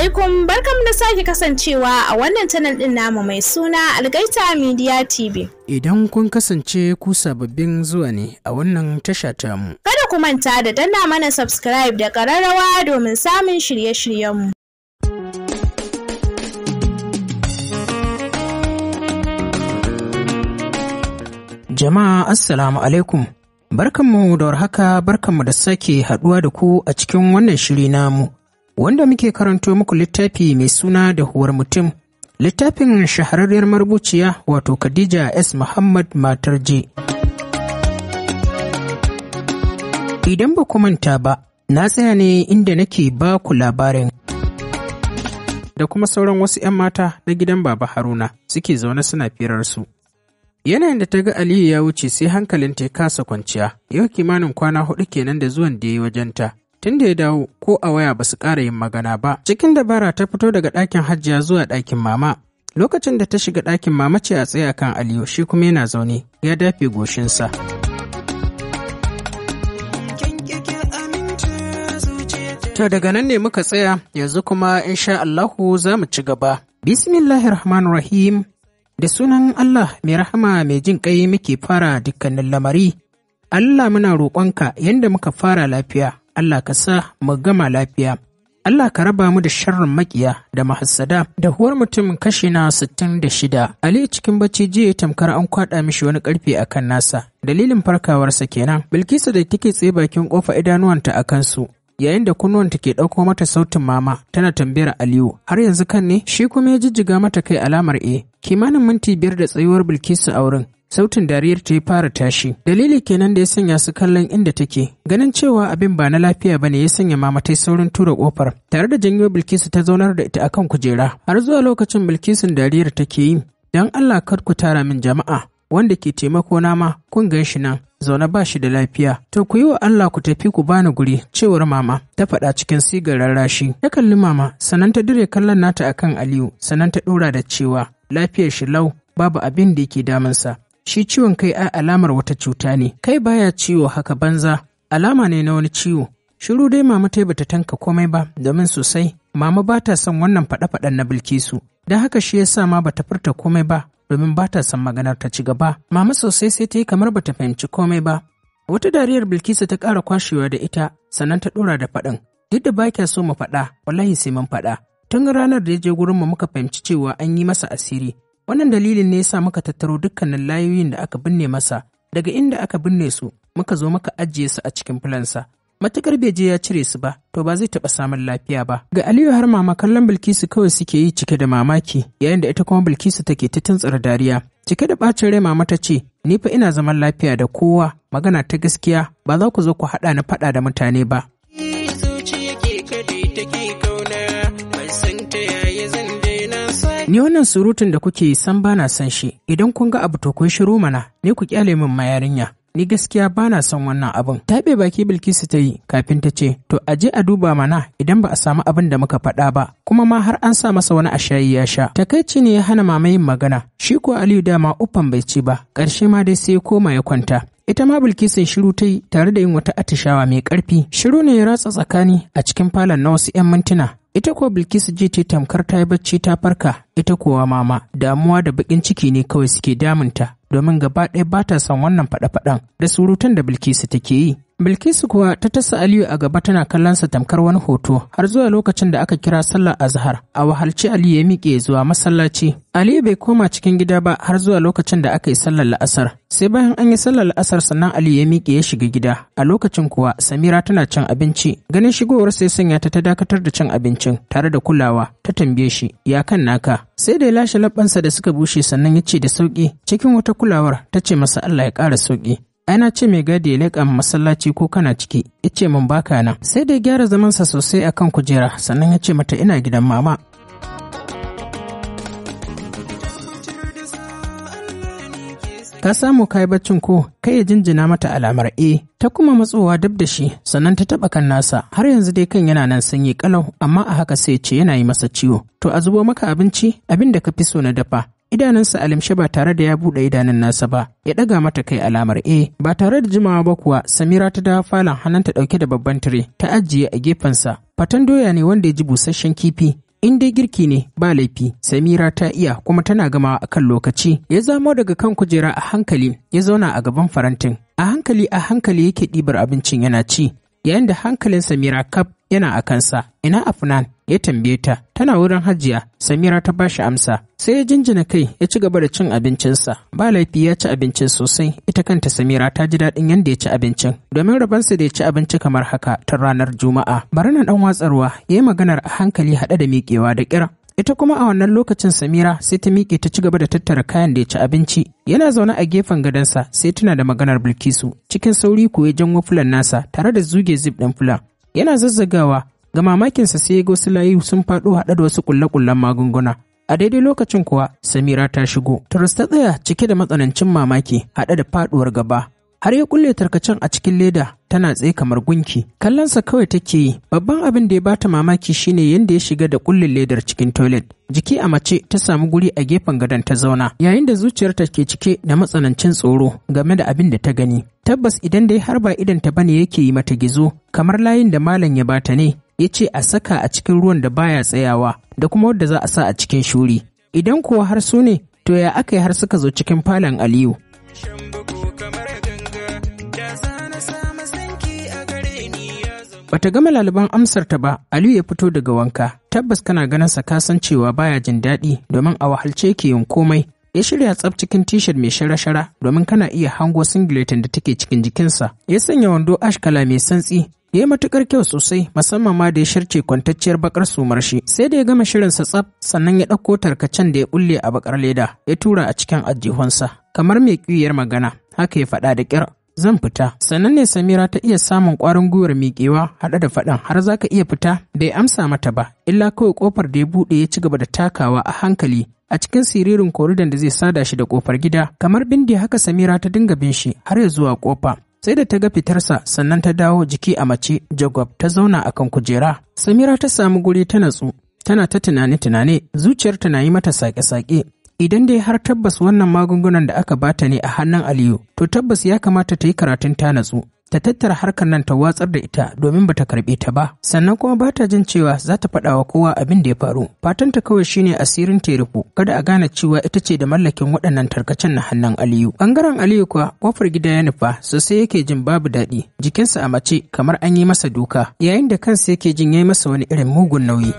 alaikum barkam da sake kasancewa a wannan channel din namu mai suna Algaita Media TV. Idan kun kasance ku sababbin zuwa ne a wannan tasha ta mu. Kada ku manta da danna mana subscribe da kararrawa domin samun shirye shiryen mu Jama'a Assalamu alaikum. mu da warhaka, mu da sake haduwa da ku a cikin wannan shiri namu. wanda muke karanto muku littafi mai suna da huwar mutum littafin shahararriyar marubuciya wato khadija s muhammad matar je idan ba manta ba na tsaya ne inda nake ba ku labarin da kuma sauran wasu 'yan mata na gidan baba haruna suke zaune suna su. yanayin da ta ga aliyu ya wuce sai hankalinta ya kasa kwanciya yau kimanin kwana hudu kenan da zuwan da ya yi wajenta tun da ya dawo ko a waya ba su ƙara yin magana ba cikin dabara ta fito daga ɗakin hajjiya zuwa ɗakin mama lokacin da ta shiga ɗakin mama ce a tsaye kan aliyu shi kuma yana zaune ya dafe goshinsa to daga nan ne muka tsaya yanzu kuma insha Allahu za mu ci gaba Bismillahirrahmanirrahim da sunan Allah mai rahama mai jin ƙai muke fara dukkanin lamari Allah muna roƙonka yadda muka fara lafiya Allah ka sa mu gama lafiya. Allah ka raba mu da sharrin makiya da mahassada da huwar mutum kashi na sittin da shida. Ali cikin bacci jiya ya tamkar an kwaɗa mishi wani karfe a kan nasa dalilin farkawarsa kenan Bilkisu da take tsaye bakin kofa idanuwanta a kansu yayin da kunnuwanta ke ɗauko mata sautin mama tana tambayar Aliyu har yanzu kan ne shi kuma ya jijjiga mata kai alamar E kimanin minti biyar da tsayuwar Bilkisu a wurin sautin dariyar ta ya fara tashi dalili kenan da ya sanya su kallon inda take ganin cewa abin ba na lafiya bane ya sanya mamatai saurin tura kofar tare da janyo bilkisu ta zaunar da ita akan kujera har zuwa lokacin bilkisun dariyar take yi dan allah kar ku tara min jama'a wanda ke taimako na ma kun gan shi nan zaune ba shi da lafiya to ku yi wa Allah ku tafi ku bani guri cewar mama ta faɗa cikin sigar rarrashi ta kalli mama sannan ta dire kallon nata akan Aliyu sannan ta ɗora da cewa lafiyar shi lau babu abin da yake damunsa shi ciwon kai ai alamar wata cuta ne kai baya ciwo haka banza alama ne na wani ciwo shiru dai mama ta bata tanka komai ba domin sosai mama ba ta son wannan faɗa-faɗan na bilkisu don haka shi ya sa ma bata furta komai ba domin ba ta son maganar ta ci gaba mama sosai sai ta yi kamar bata fahimci komai ba wata dariyar bilkisu ta ƙara kwashewa da ita sannan ta ɗora da faɗin duk da ba so mu faɗa wallahi sai mun faɗa tun ranar da ya je gurinmu muka fahimci cewa an yi masa asiri Wannan dalilin ne yasa muka tattaro dukkanin layoyin da aka binne masa daga inda aka binne su muka zo muka ajiye su a cikin filansa. Matukar bai je ya cire su ba, to ba zai taɓa samun lafiya ba. Ga Aliyu har mama kallon Bilkisu kawai suke yi cike da mamaki, yayin da ita kuma Bilkisu take ta tuntsar dariya. Cike da ɓacin rai mama ta ce, Ni fa ina zaman lafiya da kowa, magana ta gaskiya, ba za ku zo ku haɗa ni faɗa da mutane ba. Ni wannan surutun da kuke yi san bana son shi, idan kun ga abu to kun shiru mana, ne ku kyale min ma yarinya. Ni gaskiya bana son wannan abin. Taɓe baki Bilkisu ta yi kafin ta ce, To a je a duba mana idan ba a samu abin da muka faɗa ba, kuma ma har an sa masa wani ashayi ya sha. Takaici ne ya hana Mama yin magana, shi ko Aliyu dama uffan bai ci ba, ƙarshe ma dai sai ya koma ya kwanta. ita ma bilkisun shiru ta yi tare da yin wata atishawa mai ƙarfi shiru ne ya ratsa tsakani a cikin falon na wasu 'yan mintuna Ita kuwa Bilkisu ji ta tamkar ta yi bacci ta farka, ita kuwa mama, damuwa da baƙin ciki ne kawai suke damunta, domin gaba ɗaya ba ta son wannan faɗe-faɗen da surutan da Bilkisu take yi. Bilkisu kuwa ta tasa Aliyu a gaba tana kallon sa tamkar wani hoto har zuwa lokacin da aka kira sallar azhar a wahalci Aliyu ya miƙe zuwa masallaci. Aliyu bai koma cikin gida ba har zuwa lokacin da aka yi sallar la'asar. Sai bayan an yi sallar la'asar sannan Aliyu ya miƙe ya shiga gida. A lokacin kuwa Samira tana cin abinci. Ganin shigowar sai sanya ta ta dakatar da cin abincin tare da kulawa ta tambaye shi ya kan naka. Sai da ya lashe labbansa da suka bushe sannan ya ce da sauƙi cikin wata kulawar ta ce masa Allah ya ƙara sauƙi. ana ce mai gadi ya masallaci ko kana ciki ya ce mun baka nan sai dai gyara zamansa sosai akan kujera sannan ya ce mata ina gidan mama ka samu kai baccin ko kai ya jinjina mata alamar e ta kuma matsowa dab da shi sannan ta taba kan nasa har yanzu dai kan yana nan sanyi kalau amma a haka sai ce yana yi masa ciwo to a zubo maka abinci abin da ka fi so na dafa idanunsa a limshe ba tare da ya buɗe idanun nasa ba ya ɗaga mata kai alamar A. Eh, ba tare da jimawa ba kuwa samira ta dawo falon hannunta ɗauke da babban tire ta ajiye a gefensa fatan doya ne wanda ya ji busasshen kifi in dai girki ne ba laifi samira ta iya kuma tana gamawa akan lokaci ya zamo daga kan kujera a hankali ya zauna a gaban farantin a hankali a hankali yake ɗibar abincin yana ci yayin da hankalin samira kaf yana a kansa ina afnan ya tambaye ta tana wurin hajiya samira ta ba shi amsa sai ya jinjina kai ya ci gaba da cin abincinsa ba laifi ya ci abincin sosai ita kanta samira ta ji daɗin yadda ya ci abincin domin rabansa da ya ci abinci kamar haka ta ranar juma'a bari na ɗan watsarwa ya yi maganar a hankali haɗe da miƙewa da ƙira ita kuma a wannan lokacin samira sai ta miƙe ta ci gaba da tattara kayan da ya ci abinci yana zaune a gefen gadon sa sai tana da maganar bilkisu cikin sauri ko ya janwo fulan nasa tare da zuge zip ɗin fulan yana zazzagawa Ga mamakinsa sai ya ga wasu layi sun faɗo haɗe da wasu ƙulle-ƙullen magunguna. A daidai lokacin kuwa Samira ta shigo. turus ta tsaya cike da matsanancin mamaki haɗe da faɗuwar gaba. Har ya kulle tarkacen a cikin leda tana tsaye kamar gunki. Kallonsa kawai take yi. Babban abin da ya bata mamaki shine yadda ya shiga da kullin ledar cikin toilet. Jiki a mace ta samu guri a gefen gadon ta zauna. Yayin da zuciyarta ke cike da matsanancin tsoro game da abin da ta gani. Tabbas idan dai har ba idan ta bane yake yi mata gizo kamar layin da malam ya bata ne ya ce a saka a cikin ruwan da baya tsayawa da kuma wadda za a sa a cikin shuri idan kuwa har su ne to ya aka yi har suka zo cikin falon aliyu Bata gama laliban ta ba, Aliyu ya fito daga wanka. Tabbas kana ganin sa kasan cewa baya jin daɗi domin a wahalce ke yin komai. Ya shirya tsaf cikin t-shirt mai shara-shara domin kana iya hango singleton da take cikin jikinsa. Ya sanya wando ashkala mai santsi ya yi matuƙar kyau sosai musamman ma da ya sharce kwantacciyar bakar sumar shi sai da ya gama shirin sa tsaf sannan ya ɗauko tarkacen da ya ƙulle a bakar leda ya tura a cikin ajihunsa kamar mai ƙiyar magana haka ya faɗa da ƙyar zan fita sannan ne samira ta iya samun ƙwarin gwiwar miƙewa haɗe da faɗan har za ka iya fita bai amsa mata ba illa kawai ƙofar da ya buɗe ya ci gaba da takawa a hankali a cikin siririn koridon da zai sada shi da kofar gida kamar bindi haka samira ta dinga bin shi har ya zuwa kofa sai da ta ga fitarsa sannan ta dawo jiki a mace jagwab ta zauna a kan kujera samira ta samu guri ta natsu tana ta tunane-tunane zuciyar na yi mata saƙe-saƙe. Idan dai har tabbas wannan magungunan da aka bata ne a hannun Aliyu, to tabbas ya kamata ta yi karatun ta natsu, ta tattara harkar nan ta watsar da ita domin bata karɓe ta ba. Sannan kuma bata jin cewa za ta faɗa wa kowa abin da ya faru. Fatan ta kawai shine asirin teruku, kada a gane cewa ita ce da mallakin waɗannan tarkacen na hannun Aliyu. Bangaren Aliyu kuwa kofar gida ya nufa sosai yake jin babu daɗi, jikinsa a mace kamar an yi masa duka, yayin da kansa yake jin ya yi masa wani irin mugun nauyi.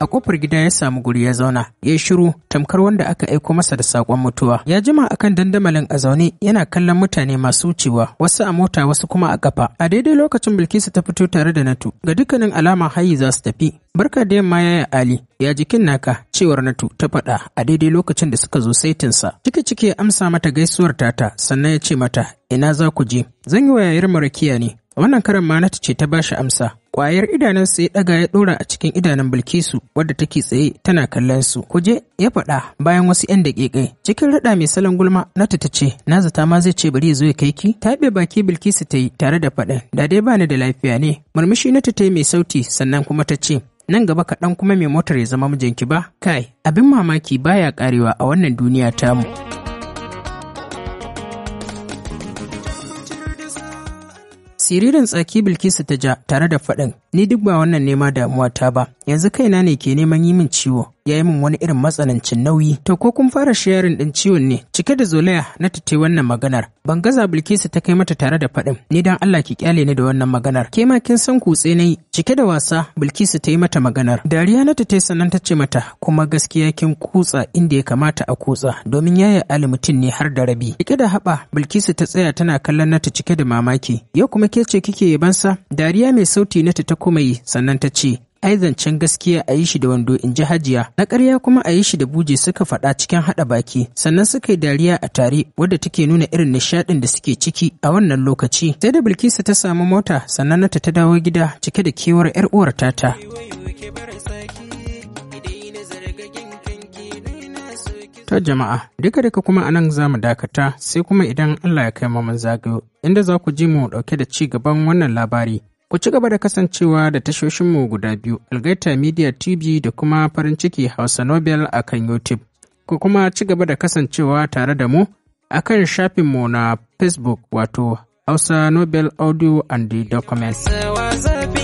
a kofar gida ya samu guri ya zauna ya shiru tamkar wanda aka aiko masa da sakon mutuwa ya jima akan dandamalin a zaune yana kallon mutane masu wucewa wasu a mota wasu kuma a kafa a daidai lokacin bilkisu ta fito tare da natu ga dukkanin alama hayi za su tafi barka da yamma yaya ali ya jikin naka cewar natu ta faɗa a daidai lokacin da suka zo saitinsa cike cike ya amsa mata gaisuwar tata sannan ya ce mata ina za ku je zan yi wa yayar marakiya ne wannan karan ma ce ta bashi amsa Kwayar idanunsu ya ɗaga ya ɗora a cikin idanun Bilkisu wadda take tsaye tana kallon su. Kuje ya faɗa bayan wasu 'yan daƙiƙai. Cikin raɗa mai salon gulma Nata ta ce, na zata ma zai ce bari ya zo ya kai ki. Taɓe baki Bilkisu ta yi tare da faɗin, da dai bani da lafiya ne. Murmushi Nata ta yi mai sauti sannan kuma ta ce, nan gaba kaɗan kuma mai motar ya zama mijinki ba? Kai, abin mamaki baya ƙarewa a wannan duniya tamu. siririn tsaki bilkisu ta ja tare da faɗin ni duk ba wannan nema damuwa ta ba yanzu kaina ne ke neman yi min ciwo ya yi min wani irin matsanancin nauyi. To ko kun fara sharing din ciwon ne cike da zolaya na ta wannan maganar. Ban gaza Bilkisu ta kai mata tare da faɗin ni dan Allah ki kyale ni da wannan maganar. Ke ma kin san kutse na cike da wasa Bilkisu ta yi mata maganar. Dariya na ta tai sannan ta ce mata kuma gaskiya kin kutsa inda ya kamata a kutsa domin yaya Ali mutum ne har da rabi. Ike da haɓa Bilkisu ta tsaya tana kallon nata cike da mamaki. Yau kuma ke ce kike yabansa? Dariya mai sauti nata ta kuma yi sannan ta ce ai zancen gaskiya a yi shi da wando in ji hajiya na ƙarya kuma a yi shi da buje suka faɗa cikin haɗa baki sannan suka yi dariya a tare wadda take nuna irin nishaɗin da suke ciki a wannan lokaci sai da bilkisu ta samu mota sannan nata ta dawo gida cike da kewar 'yar uwar tata. ta jama'a duka duka kuma anan za mu dakata sai kuma idan Allah ya kai mu mun zagayo inda za ku ji mu dauke da ci gaban wannan labari Ku ci gaba da kasancewa da tashoshinmu guda biyu, Algaita Media TV da kuma Farin Ciki Hausa Nobel a kan YouTube. Ku kuma ci gaba da kasancewa tare da mu a kan shafinmu na Facebook wato Hausa Nobel Audio and the Documents.